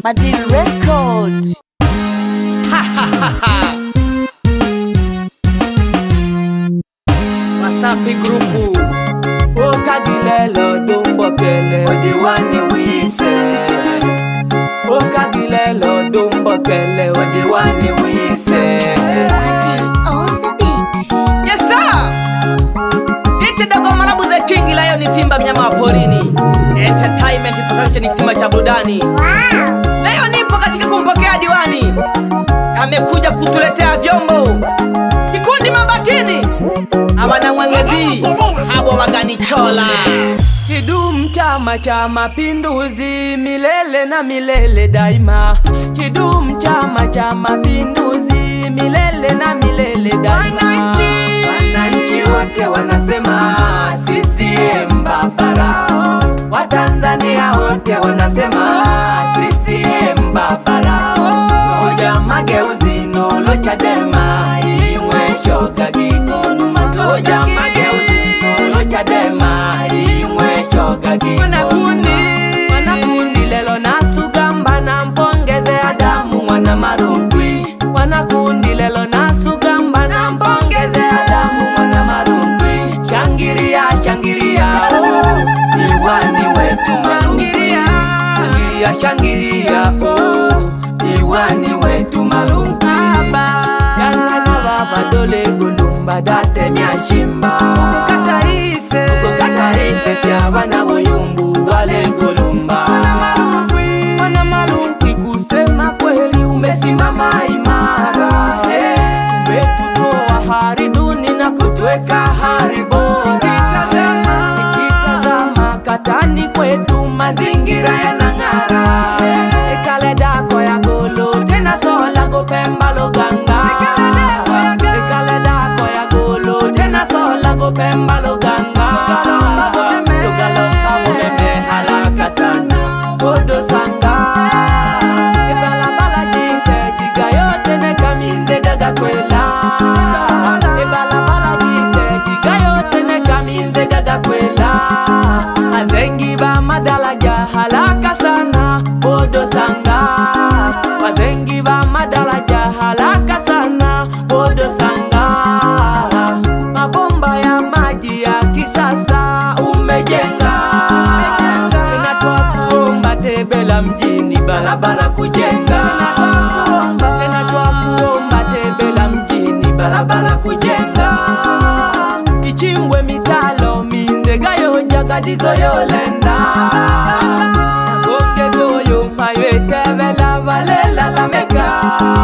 Madil Record. Wasafi grupu Oka Gilelo dumbo Dumbokele. Odiwani Wise. Oka Gilelo Dumbokele. Odiwani Wise. Yes sir. Ite dogo marabu the king ilayo ni simba mnyama wa porini. Entertainment production kisima cha burudani. Wow. Leo nipo katika kumpokea diwani, amekuja kutuletea vyombo kikundi Mabatini abana mwengebi wagani chola Kidumu Chama cha Mapinduzi, milele na milele daima. Kidumu Chama cha Mapinduzi, milele na milele daima. Wananchi wote wanasema kuja mageuzi kuru Chadema imwesho gagi wanakundi wanakundi lelo na Sugamba na mpongezea damu mwana Maru shimba byose wana woyumbu Wale kolumba Wana balengolumba Wana maluki kusema kweli umesimama imara umetutoa hey. hali duni na kutuweka hali bora ikitazama katani kwetu mazingira nangara hey. ekaleda ven, hapa mjini, barabara kujenga. Tena twakuomba tembela mjini, barabara kujenga, ichimbwe mitalo mindegayo jakadizo yolenda kongegoyo maywe tebela balelalameka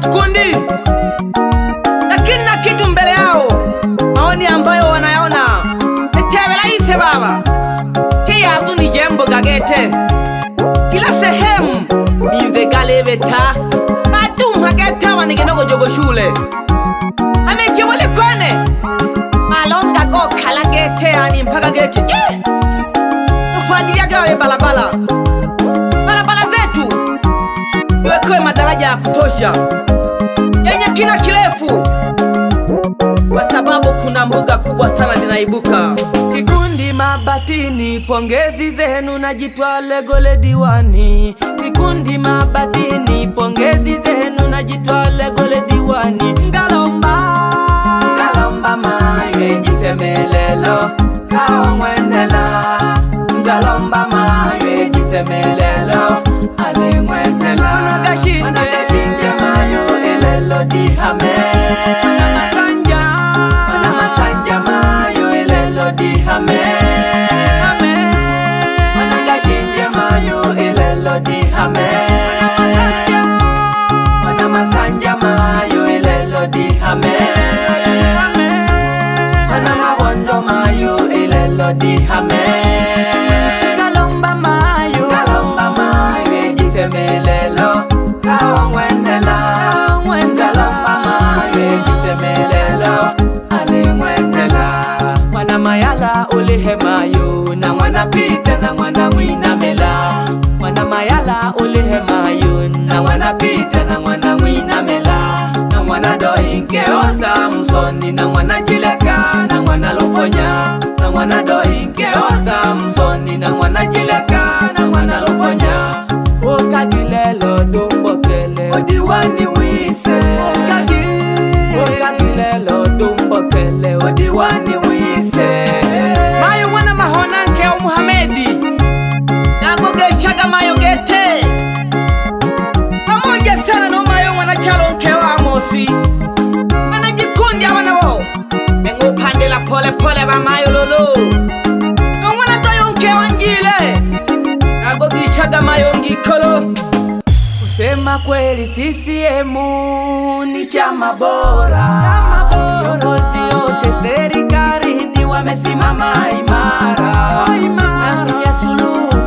kikundi, lakini na kitu mbele yao, maoni ambayo wanayaona etebelaise baba kiyadu ni jembo gagete kila sehemu ninzegalebeta badumhagetawanigenoko jogo shule amekibulikwene malongago kalagete ani mpaka geke ufuatiliagawe balabala balabala zetu wekwe madaraja ya kutosha kina kirefu, kwa sababu kuna mbuga kubwa sana linaibuka. Kikundi Mabatini, pongezi zenu na jitwale gole diwani. Kikundi Mabatini, pongezi zenu na jitwale gole diwani. galomba Ngalomba mayo jisemelelo kao mwenela Ngalomba mayo jisemelelo dihame Manamasanja Manamasanja mayo ilelo dihame Dihame Managashinje mayo ilelo dihame Manamasanja Manamasanja mayo ilelo dihame Dihame Manamabondo mayo ilelo dihame kulihema yun na mwanapita na mwana mwina na mwana doinkeosa msoni na mwana jileka na mwana luponya na mwana doinkeosa msoni na mwana jileka na mwana luponya ukagilelo dumbokele odiwani kole bamayololo nomwana toyonke wanjile nagogishaga mayongikolo kusema kweli CCM ni chama bora viongozi yote serikalini wamesimama imara Samia Suluhu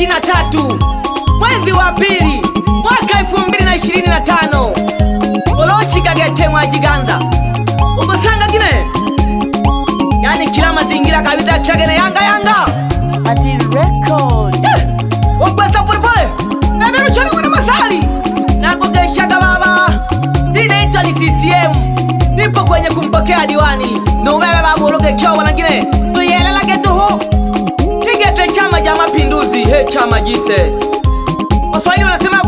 23 mwezi wa pili mwaka 2025 oloshikagete mwajiganza umusangagile yani kila mazingira kabisa chagene yanga yanga ati record ogwesa polepole beberucholiwe na masali nagogeshaga baba ninaitwa ni CCM nipo kwenye kumpokea diwani Hecha Majise. Waswahili wanasema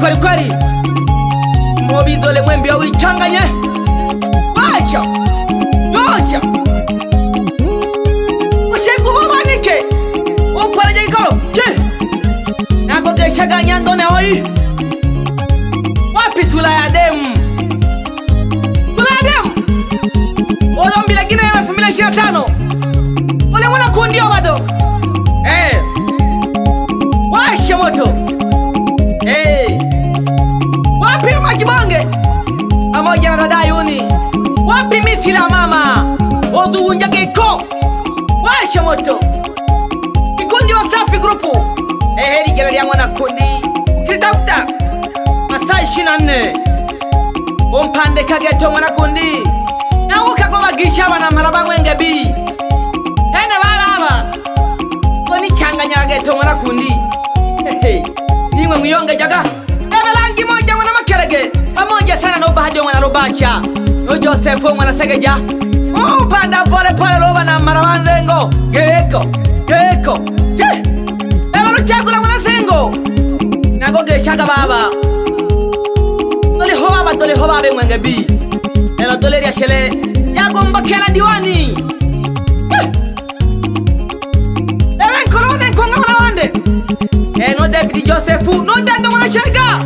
Kwari kwari, mobi dole mwembe au changa ye, basho. se chaganyandone hoi wapi la tulaya demu tulaya demu olombi lingine elfu mbili ishirini na tano ulimwona kundio bado hey. Eh. washe moto hey. Eh. wapi majibonge pamoja na dadayuni wapi misi la mama oduwunjageko washe moto kikundi wa safi grupu ehe rigero rya mwana kundi kiridabuda masaha ishina ane umpande kageto mwana kundi nawe ukagoba gisha abana mpara banwenge bi hene baraba ngo nicanganya kageto mwana kundi ehe nimwe mwiyongejaga ebelanga imoja mwana makerege amoja sana nobahadio mwana rubasha no josefu mwana segeja umpande apolepole loba na mpara banzengo geko geko chakula mwana zengo nakogeshaka baba tolihobaba tolihoba beng'wenge bi lelo tolirya shele yagombakela diwani evenkolone eh! nkonga mwana wande eno eh, davidi josefu nodendo mwana shega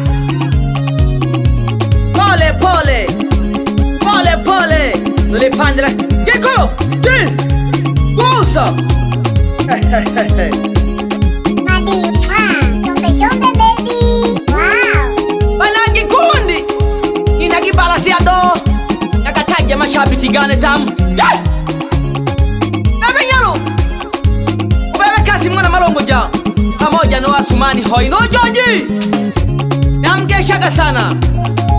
pole pole pole pole nolipandela gekolo ti gusa mashabiki gane tamu nabinyalo ubebe kasi mwana malongo ja pamoja na wasumani hoi nojoji namgeshaga sana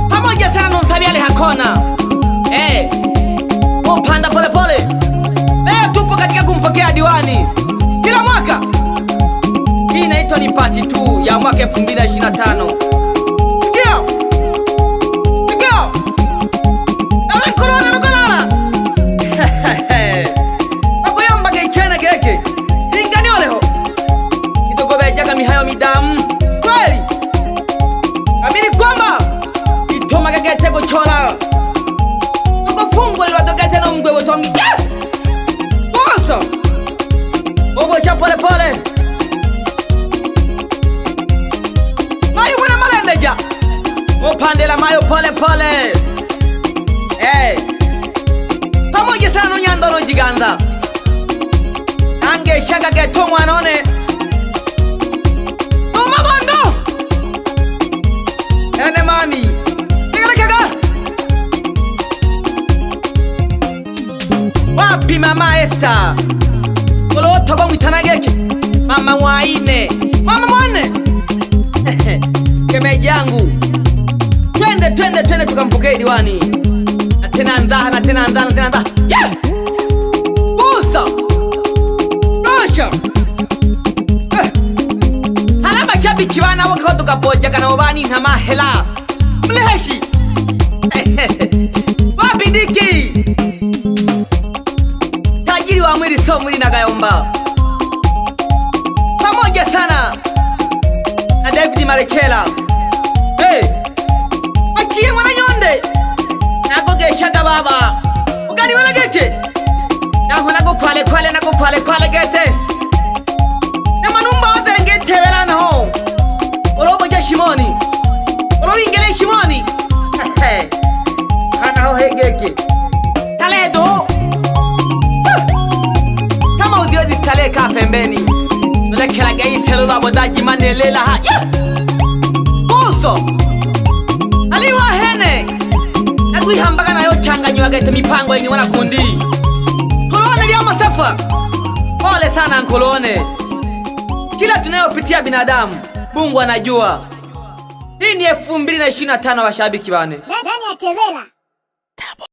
pamoja sana nontabiale hakona hey, mupanda polepole leo tupo katika kumpokea diwani kila mwaka hii inaitwa ni pati tu ya mwaka 2025 Mayo pole pole. Hey. Pamoja tano nyandolo jiganda ange shaka geto mwanone umabondo ene mami igarekaga wapi mama Esther kolotogo mwitanageke mama waine mama mwane kemejangu tukampokee diwani na tena ndaha na tena ndaha na tena ndaha yeah! busa tosha eh. hala bashabiki bana bakaho kana wabani na mahela mleheshi babidiki eh, tajiri wa mwiri so mwiri na gayomba pamoja sana na David Marichela Marechela enda baba ugani wala gete naho nako kwale kwale nako kwale kwale gete na manumba wote ngete wala naho olobo je shimoni olobo ingele shimoni hana ho hegeke taledo kama udio distale ka pembeni nolekela gai telo la bodaji manelela ha yeah. uso aliwa he agwihambaga nayo changanywa agaita mipango yenye wanakundi kolone lya masafa pole sana nkolone kila tunayopitia binadamu Mungu anajua hii ni 2025 washabiki bane Dani atevera